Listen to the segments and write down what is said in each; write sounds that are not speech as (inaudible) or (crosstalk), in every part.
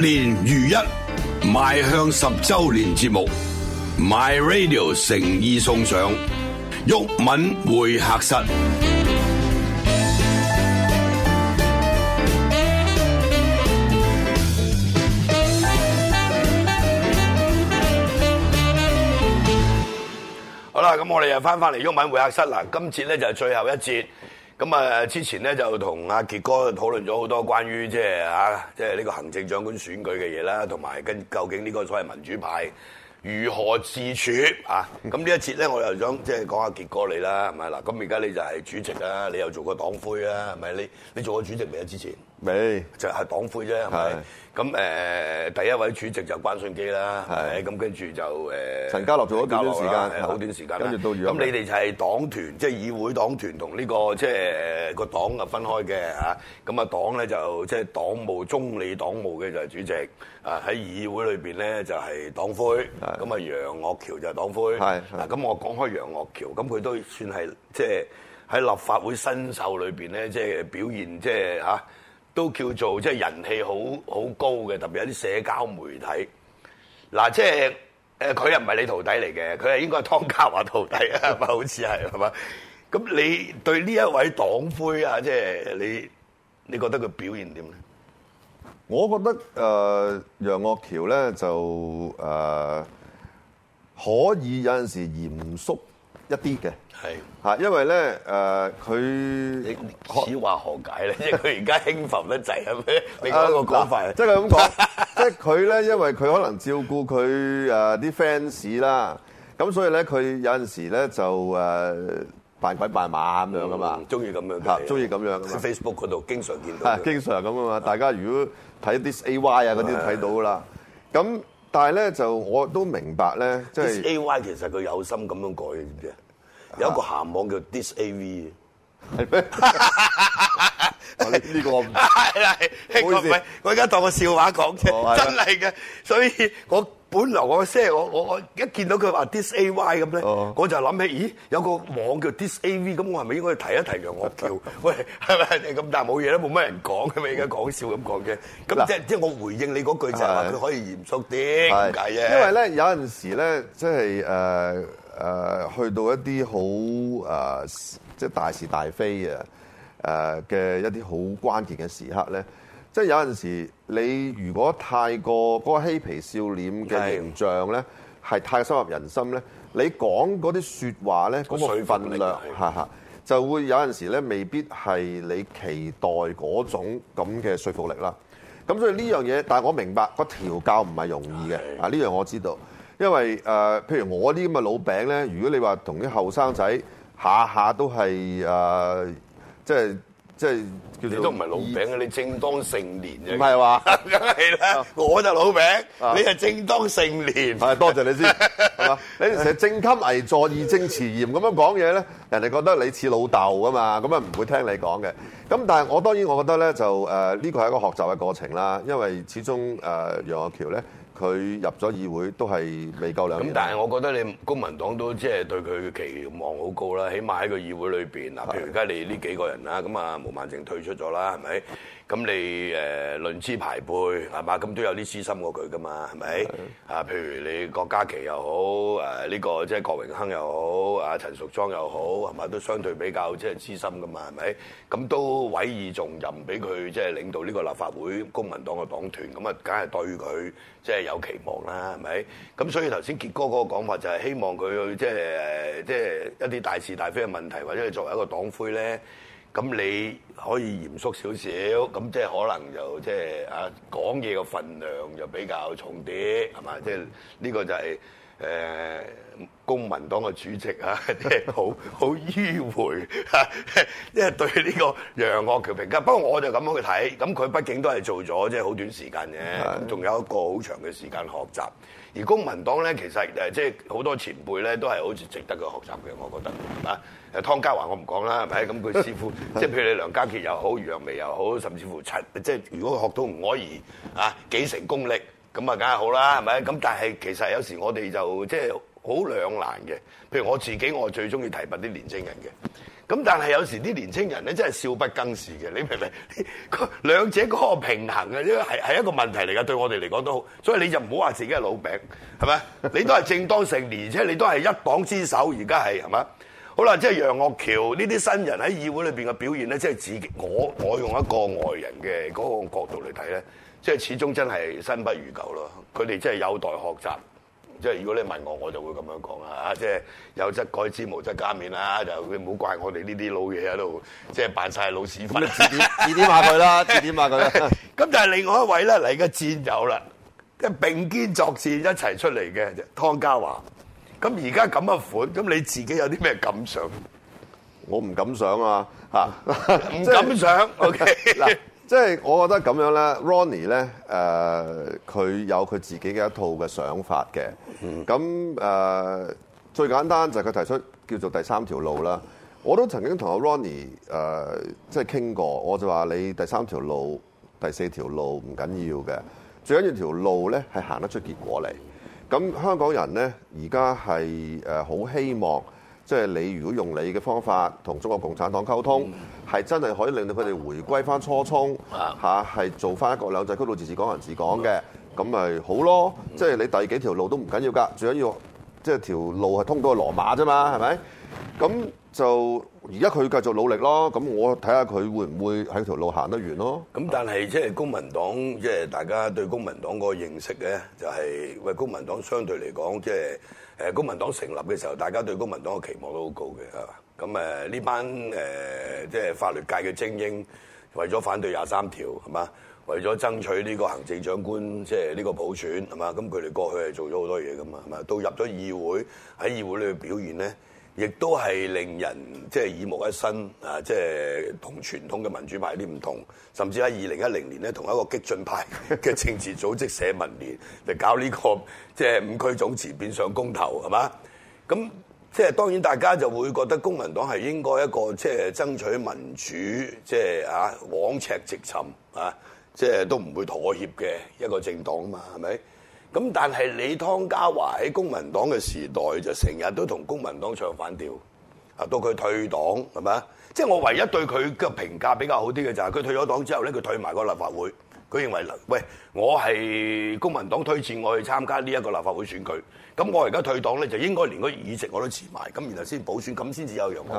年如一，邁向十周年節目，My Radio 誠意送上。毓民會客室，好啦，咁我哋又翻翻嚟毓民會客室啦，今次咧就係最後一節。咁啊，之前咧就同阿杰哥討論咗好多關於即係啊，即係呢個行政長官選舉嘅嘢啦，同埋跟究竟呢個所謂民主派如何自處啊？咁 (laughs) 呢一節咧，我又想即係講下杰哥你啦，係咪嗱？咁而家你就係主席啊，你又做過黨魁啊，係咪你你做過主席未啊？之前？就係、是、黨魁啫，係咪咁誒？第一位主席就關信基啦，係咁，跟住就誒陳家樂做咗幾段時間，好短時間。跟住到咁，你哋就係黨團，即、就、係、是、議會黨團同呢、這個即係個黨啊分開嘅嚇，咁啊黨咧就即、是、係黨務，中理黨務嘅就係主席啊。喺議會裏面咧就係黨魁，咁啊楊岳橋就係黨魁。嗱，咁、啊、我講開楊岳橋，咁佢都算係即係喺立法會新秀裏面咧，即、就、係、是、表現即係、就是啊都叫做即係人氣好好高嘅，特別有啲社交媒體。嗱、啊，即係誒佢又唔係你的徒弟嚟嘅，佢係應該係湯家驊徒弟啊，係嘛？好似係係嘛？咁你對呢一位黨魁啊，即係你，你覺得佢表現點咧？我覺得誒、呃、楊岳橋咧就誒、呃、可以有陣時嚴肅。一啲嘅係吓，因為咧誒，佢、呃、你此話何解咧？ (laughs) 因為佢而家興浮得滯係咪？ (laughs) 你講個講法，即係咁講，即係佢咧，因為佢可能照顧佢誒，啲 fans 啦，咁所以咧佢有陣時咧就誒，扮、啊、鬼扮馬咁樣噶嘛，中意咁樣嚇，中意咁樣。Facebook 嗰度經常見到，經常咁啊嘛！大家如果睇啲、uh, AY 啊嗰啲睇到啦，咁、uh, 但係咧就我都明白咧，即、就、係、是、AY 其實佢有心咁樣改嘅，知唔知有個鹹網叫 disav 嘅，係咩？呢個我唔係，我而家當個笑話講啫，真係嘅。所以我本來我即係我我我一見到佢話 disav 咁咧，我就諗起，咦有個網叫 disav 咁，我係咪應該提一提讓我叫？喂，係咪咁？但係冇嘢啦，冇乜人講嘅咪而家講笑咁講啫。咁即係即係我回應你嗰句就係話佢可以嚴肅啲，點解嘅？因為咧有陣時咧即係誒。誒去到一啲好誒，即係大是大非啊！誒嘅一啲好關鍵嘅時刻咧，即係有陣時你如果太過嗰個嬉皮笑臉嘅形象咧，係太深入人心咧，你講嗰啲説話咧，嗰個分量嚇嚇，是的是的就會有陣時咧未必係你期待嗰種咁嘅說服力啦。咁所以呢樣嘢，但係我明白個調教唔係容易嘅啊！呢樣我知道。因為誒、呃，譬如我啲咁嘅老餅咧，如果你話同啲後生仔下下都係誒、呃，即係即係，你都唔係老餅嘅，你正當盛年嘅唔係話，梗係啦，我就老餅、啊，你係正當盛年、啊。係多謝你先， (laughs) 你成日正襟危坐、義正詞嚴咁樣講嘢咧，人哋覺得你似老豆啊嘛，咁啊唔會聽你講嘅。咁但係我當然我覺得咧就誒呢、呃這個係一個學習嘅過程啦，因為始終誒、呃、楊岳橋咧。佢入咗議會都係未夠兩年。咁但係我覺得你公民黨都即係對佢嘅期望好高啦，起碼喺個議會裏邊嗱，譬如而家你呢幾個人啦，咁啊毛孟靜退出咗啦，係咪？咁你誒、呃、論資排輩係嘛？咁都有啲資深過佢噶嘛，係咪？啊，譬如你郭家麒又好，誒、啊、呢、呢個即係郭榮鏗又好，阿、啊、陳淑莊又好，係嘛都相對比較即係資深噶嘛，係咪？咁都委以重任俾佢，即、就、係、是、領導呢個立法會公民黨嘅黨團，咁啊，梗係對佢即係有期望啦，係咪？咁所以頭先傑哥嗰個講法就係希望佢去即係即係一啲大是大非嘅問題，或者係作為一個黨魁咧。咁你可以嚴肅少少，咁即係可能就即係啊講嘢嘅份量就比較重啲，係嘛？即係呢個就係、是。誒、呃，公民黨嘅主席啊，即係好好迂迴嚇，即、啊、係、啊、對呢個楊岳橋評價。不過我就咁樣去睇，咁佢畢竟都係做咗即係好短時間嘅，仲有一個好長嘅時間學習。而公民黨咧，其實即係好多前輩咧，都係好似值得佢學習嘅，我覺得啊。誒，湯家驊我唔講啦，係咪？咁佢師傅，即係譬如你梁家傑又好，余若薇又好，甚至乎陳，即、就、係、是、如果學到吳靄儀，啊，幾成功力。咁啊，梗係好啦，係咪？咁但係其實有時我哋就即係好兩難嘅。譬如我自己，我最中意提拔啲年青人嘅。咁但係有時啲年青人咧，真係少不更事嘅。你明唔明？兩者嗰個平衡呀，呢個係係一個問題嚟噶。對我哋嚟講都好，所以你就唔好話自己係老餅，係咪？ (laughs) 你都係正當成年，而且你都係一黨之首，而家係係咪？好啦，即係楊岳橋呢啲新人喺議會裏面嘅表現咧，即係自己我我用一個外人嘅嗰個角度嚟睇咧，即係始終真係新不如舊咯。佢哋真係有待學習，即係如果你問我，我就會咁樣講啦。即係有則改之，無則加勉啦。就佢唔好怪我哋呢啲老嘢喺度，即係扮晒老屎忽， (laughs) 自點下 (laughs) 自點下佢啦，點點下佢。咁就係另外一位咧嚟嘅戰友啦，並肩作戰一齊出嚟嘅、就係、湯家驊。咁而家咁嘅款，咁你自己有啲咩感想？我唔敢想啊！嚇，唔敢想。O K，嗱，即係我覺得咁樣咧，Ronny 咧，誒、呃，佢有佢自己嘅一套嘅想法嘅。咁、嗯、誒、呃，最簡單就係佢提出叫做第三條路啦。我都曾經同阿 Ronny 誒、呃，即係傾過，我就話你第三條路、第四條路唔緊要嘅，最緊要條路咧係行得出結果嚟。咁香港人呢，而家係誒好希望，即、就、係、是、你如果用你嘅方法同中國共產黨溝通，係、嗯、真係可以令到佢哋回歸翻初衷嚇，係、嗯啊、做翻一國兩制高度自治港人治港嘅，咁、嗯、咪好咯。即、就、係、是、你第幾條路都唔緊要㗎，最緊要即係、就是、條路係通到去羅馬啫嘛，係咪？咁就。而家佢繼續努力咯，咁我睇下佢會唔會喺條路行得遠咯。咁但係即係公民黨，即係大家對公民黨個認識咧，就係喂公民黨相對嚟講，即係公民黨成立嘅時候，大家對公民黨嘅期望都好高嘅嚇。咁呢班即係法律界嘅精英，為咗反對廿三條係嘛，為咗爭取呢個行政長官即係呢個普選係嘛，咁佢哋過去係做咗好多嘢噶嘛，係嘛，到入咗議會喺議會裏面表現咧。亦都係令人即係耳目一新，啊，即係同傳統嘅民主派啲唔同，甚至喺二零一零年咧，同一個激進派嘅政治組織社民連、 (laughs) 這個、就搞呢個即係五區總辭變相公投，係嘛？咁即係當然大家就會覺得公民黨係應該一個即係、就是、爭取民主，即係啊枉尺直尋啊，即係、啊就是、都唔會妥協嘅一個政黨嘛，係咪？咁但係李湯家驊喺公民黨嘅時代就成日都同公民黨唱反調，啊到佢退黨係咪啊？即係、就是、我唯一對佢嘅評價比較好啲嘅就係佢退咗黨之後咧，佢退埋個立法會。佢認為，喂，我係公民黨推薦我去參加呢一個立法會選舉，咁我而家退黨咧，就應該連個議席我都辭埋，咁然後先補選，咁先至有楊岳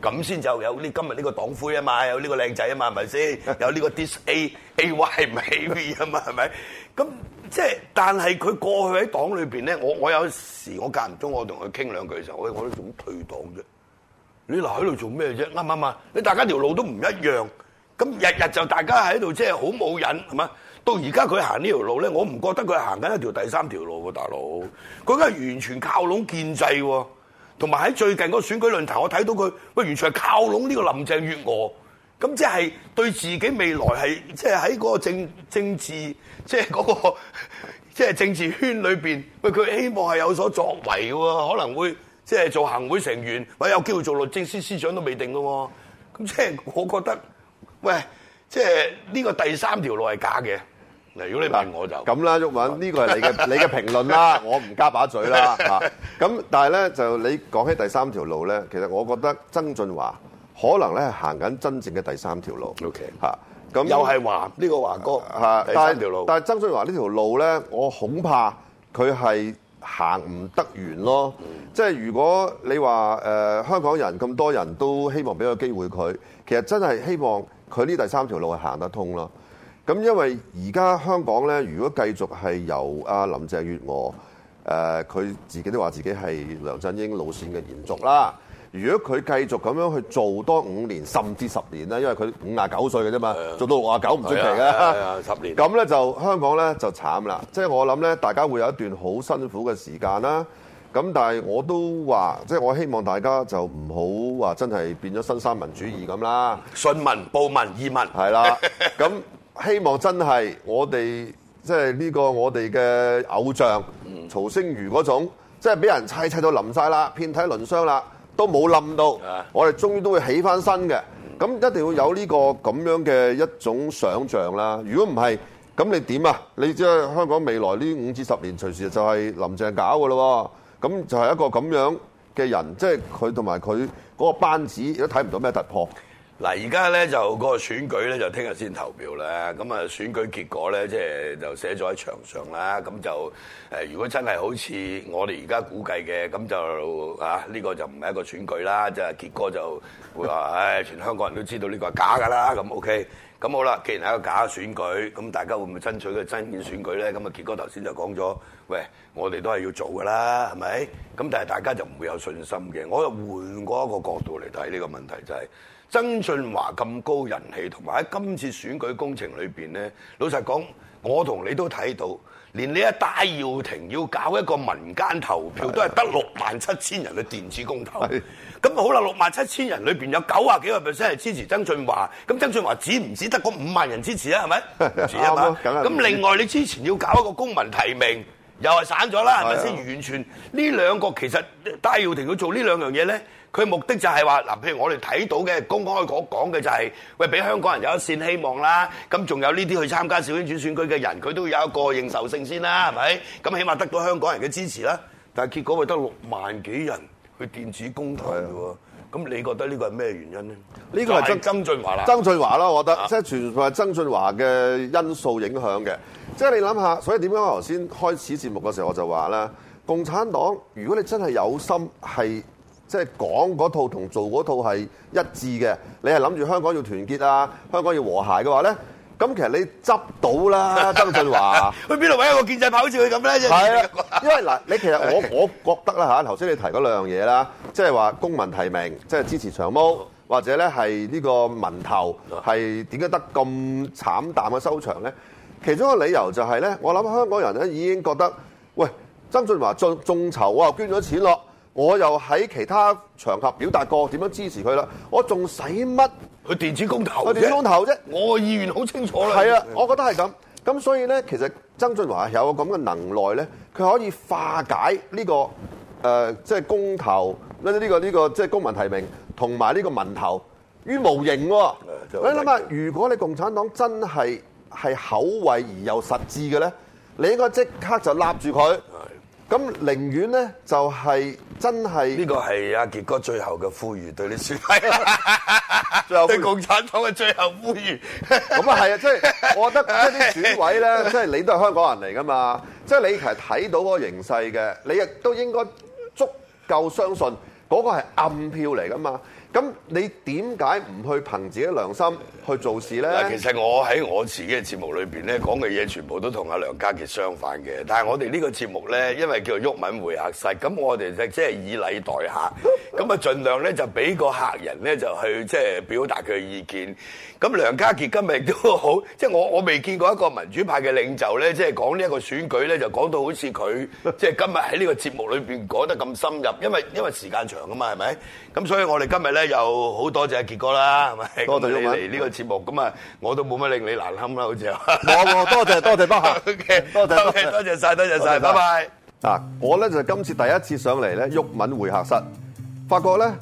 橋咁先就有呢今日呢個黨魁啊嘛，有呢個靚仔啊嘛，係咪先？有呢個 D A A Y 唔係 A V 啊嘛，係咪？咁即係，但係佢過去喺黨裏邊咧，我我有時我間唔中我同佢傾兩句嘅時候，我我都仲退黨啫。你留喺度做咩啫？啱唔啱？你大家條路都唔一樣，咁日日就大家喺度即係好冇癮，係嘛？到而家佢行呢條路咧，我唔覺得佢行緊一條第三條路，大佬。佢梗係完全靠攏建制，同埋喺最近個選舉論壇，我睇到佢，完全係靠攏呢個林鄭月娥。咁即係對自己未來係，即係喺嗰個政政治，即係嗰個即係政治圈裏面，喂，佢希望係有所作為嘅喎，可能會即係、就是、做行會成員，或者有機會做律政司司長都未定嘅喎。咁即係我覺得，喂，即係呢個第三條路係假嘅。如果你問我就咁啦，毓民，呢、這個係你嘅 (laughs) 你嘅評論啦，我唔加把嘴啦嚇。咁 (laughs) 但係咧就你講起第三條路咧，其實我覺得曾俊華。可能咧行緊真正嘅第三條路，嚇、okay, 咁又係華呢、呢個華哥第三條路。但係曾俊華呢條路咧，我恐怕佢係行唔得完咯。即係如果你話誒、呃、香港人咁多人都希望俾個機會佢，其實真係希望佢呢第三條路係行得通咯。咁因為而家香港咧，如果繼續係由阿林鄭月娥誒，佢、呃、自己都話自己係梁振英路線嘅延續啦。如果佢繼續咁樣去做多五年，甚至十年咧，因為佢五十九歲嘅啫嘛，做到六十九唔出奇啊！十年咁呢，就香港呢，就慘啦，即係我諗呢，大家會有一段好辛苦嘅時間啦。咁但係我都話，即係我希望大家就唔好話真係變咗新三民主義咁啦，嗯、信民、暴民、義民係啦。咁 (laughs) 希望真係我哋即係呢個我哋嘅偶像曹星如嗰種，即係俾人砌砌到淋晒啦，遍體鱗傷啦。都冇冧到，我哋終於都會起翻身嘅，咁一定要有呢個咁樣嘅一種想像啦。如果唔係，咁你點啊？你即係香港未來呢五至十年，隨時就係林鄭搞嘅咯。咁就係一個咁樣嘅人，即係佢同埋佢嗰個班子，都睇唔到咩突破。嗱，而家咧就個選舉咧就聽日先投票啦。咁啊，選舉結果咧即係就寫咗喺牆上啦。咁就誒，如果真係好似我哋而家估計嘅，咁就啊呢個就唔係一個選舉啦。即係傑哥就會話，唉，全香港人都知道呢個係假㗎啦。咁 OK，咁好啦。既然係一個假選舉，咁大家會唔會爭取個真選舉咧？咁啊，傑哥頭先就講咗，喂，我哋都係要做㗎啦，係咪？咁但係大家就唔會有信心嘅。我又換過一個角度嚟睇呢個問題，就係。曾俊華咁高人氣，同埋喺今次選舉工程裏邊咧，老實講，我同你都睇到，連你阿戴耀廷要搞一個民間投票，都係得六萬七千人嘅電子公投。咁好啦，六萬七千人裏邊有九十幾個 percent 係支持曾俊華，咁曾俊華只唔止得嗰五萬人支持啊，係咪？咁 (laughs) 另外你之前要搞一個公民提名，又係散咗啦，係咪先？完全呢兩個其實戴耀廷要做呢兩樣嘢咧。佢目的就係話嗱，譬如我哋睇到嘅公開講講嘅就係、是，喂俾香港人有一線希望啦。咁仲有呢啲去參加小圈子選舉嘅人，佢都要有一個認受性先啦，係咪？咁起碼得到香港人嘅支持啦。但係結果會得六萬幾人去電子公投喎，咁你覺得呢個係咩原因呢？呢、呢個係曾俊華啦，曾俊華啦，我覺得即係、啊、全部係曾俊華嘅因素影響嘅。即、就、係、是、你諗下，所以點解我頭先開始節目嘅時候我就話啦，共產黨如果你真係有心係。即係講嗰套同做嗰套係一致嘅，你係諗住香港要團結啊，香港要和諧嘅話呢，咁其實你執到啦，曾俊華去邊度揾一個建制派好似佢咁呢？係啊，因為嗱，你 (laughs) 其實我我覺得啦嚇，頭先你提嗰兩樣嘢啦，即係話公民提名，即係支持長毛，或者呢係呢個民投係點解得咁慘淡嘅收場呢？其中一個理由就係、是、呢：我諗香港人已經覺得，喂，曾俊華眾眾籌啊，捐咗錢咯。我又喺其他場合表達過點樣支持佢啦，我仲使乜去電子公投？去電子公投啫！我嘅意願好清楚啦。係啊，我覺得係咁。咁所以咧，其實曾俊華有咁嘅能耐咧，佢可以化解呢、呢個誒，即、呃、係、就是、公投，呢、呢個呢、呢個即係、呢個就是、公民提名同埋呢個民投於無形。 (music) 你諗下， (music) 如果你共產黨真係係口惠而又實質嘅咧，你應該即刻就立住佢。 (music) 咁寧願咧，就係真係呢個係阿傑哥最後嘅呼籲，對你選委啦，對共產黨嘅最後呼籲。咁啊係啊，即係我覺得一啲選委咧，即係你都係香港人嚟噶嘛，即係你其實睇到嗰個形勢嘅，你亦都應該足夠相信嗰個係暗票嚟噶嘛。咁你點解唔去憑自己良心去做事咧？嗱，其實我喺我自己嘅節目裏邊咧，講嘅嘢，全部都同阿梁家傑相反嘅。但係我哋呢個節目咧，因為叫做毓民會客室，咁我哋就即係以禮待客，咁啊盡量咧就俾個客人咧就去即係表達佢嘅意見，咁梁家傑今日都好，即係我我未見過一個民主派嘅領袖咧，即係講呢一個選舉咧，就講到好似佢即係今日喺呢個節目裏邊講得咁深入，因為因為時間長啊嘛，係咪？咁所以我哋今日咧。又好多謝傑哥啦，係咪多謝毓民嚟呢個節目咁啊？我都冇乜令你難堪啦，好似啊，冇我多謝多謝多謝，多謝多謝多謝晒。多謝晒，拜拜嗱。我咧就今、是、次第一次上嚟咧毓民會客室，發覺咧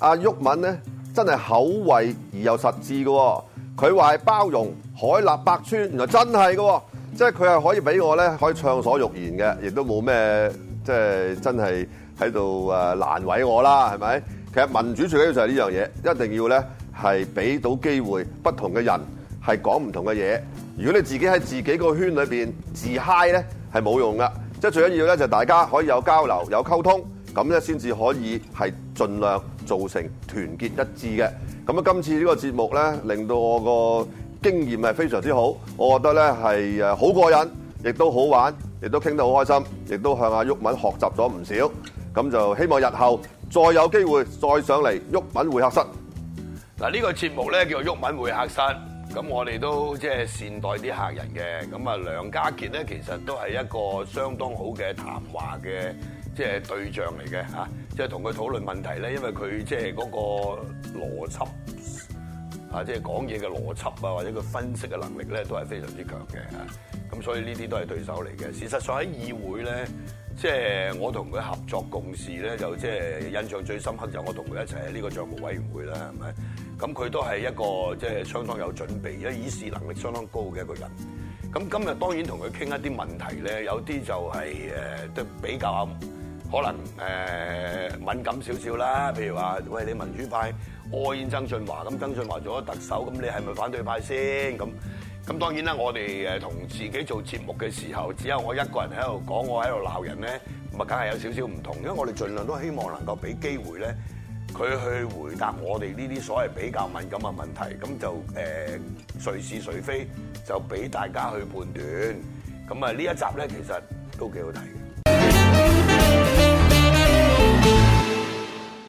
阿毓民咧真係口慧而又實質嘅。佢話係包容海納百川，原來真係嘅，即係佢係可以俾我咧可以暢所欲言嘅，亦都冇咩即係真係喺度誒難為我啦，係咪？其實民主最緊要就係呢樣嘢，一定要呢係俾到機會不同嘅人係講唔同嘅嘢。如果你自己喺自己個圈裏面自嗨呢，係冇用噶。即係最緊要呢，就大家可以有交流有溝通，咁呢，先至可以係盡量造成團結一致嘅。咁啊，今次呢個節目呢，令到我個經驗係非常之好，我覺得呢係誒好過癮，亦都好玩，亦都傾得好開心，亦都向阿毓民學習咗唔少。咁就希望日後，再有機會再上嚟毓民會客室，嗱、這、呢個節目咧叫做「毓民會客室，咁我哋都即係善待啲客人嘅，咁啊梁家傑咧其實都係一個相當好嘅談話嘅即係對象嚟嘅嚇，即係同佢討論問題咧，因為佢即係嗰個邏輯，即係講嘢嘅邏輯啊，或者佢分析嘅能力咧都係非常之強嘅嚇，咁所以呢啲都係對手嚟嘅。事實上喺議會咧。即係我同佢合作共事咧，就即係印象最深刻就我同佢一齊喺呢個帳目委員會啦，係咪？咁佢都係一個即係相當有準備，而家議事能力相當高嘅一個人。咁今日當然同佢傾一啲問題咧，有啲就係誒都比較可能誒敏感少少啦。譬如話，喂你民主派 All In 曾俊華，咁曾俊華做咗特首，咁你係咪反對派先咁？咁當然啦，我哋誒同自己做節目嘅時候，只有我一個人喺度講，我喺度鬧人咧，咪梗係有少少唔同。因為我哋盡量都希望能夠俾機會咧，佢去回答我哋呢啲所謂比較敏感嘅問題。咁就誒誰是誰非，就俾大家去判斷。咁啊，呢一集咧其實都幾好睇。